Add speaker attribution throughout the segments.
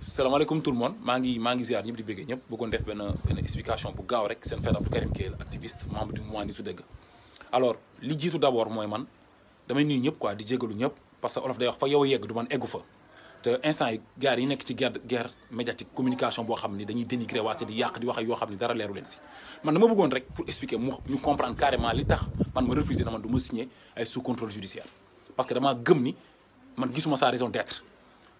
Speaker 1: salaamaaleykum tout le monde maa ngi maa ngi ziar ñëpp di bëggee ñëpp bëggoon def ben ben explication bu gaaw rek seen fait Abdou Karim Gueye activiste membre du mouvement Nittu Dëgg alors li jitu d'abord moy man damay nuyu ñëpp quoi di jéggalu ñëpp parce que olof day wax fa yow yegg du man eggu fa te instant yi gars yi nekk ci guerre guerre médiatique communication boo xam ni dañuy dénigrer waate di yàq di wax ak yoo xam ni dara leeru leen si man dama bëggoon rek pour expliquer mu ñu comprendre carrément li tax man ma refuser na man du ma signer ay sous contrôle judiciaire parce que dama gëm ni man gisuma sa raison d' être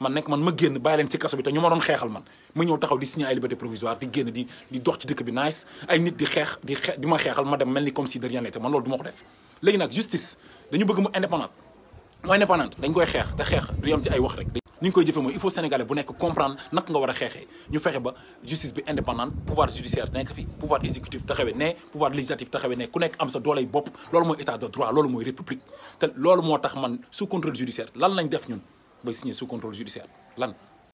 Speaker 1: man nek man ma génn bàyyi leen si kaso bi te ñu ma doon xeexal man ma ñëw taxaw di signé ay liberté provisoire di génn di di dox ci dëkk bi nice ay nit di xeex di xeex di ma xeexal ma dem mel ni comme si de rien n'était man loolu du ma ko def léegi nag justice dañu bëgg mu indépendante mu indépendante dañ koy xeex te xeex du yem ci ay wax rek ni ñu koy jëfee mooy il faut sénégalais bu nekk comprendre nak nga war a xeexee ñu fexe ba justice bi indépendante pouvoir judiciaire nekk fi pouvoir exécutif taxawee ne pouvoir législatif taxawee ne ku nekk am sa dooley bopp loolu mooy état de droit loolu mooy république te loolu moo tax man sous contrôle judiciaire lan lañ def ñun ba signé sous contrôle judiciaire lan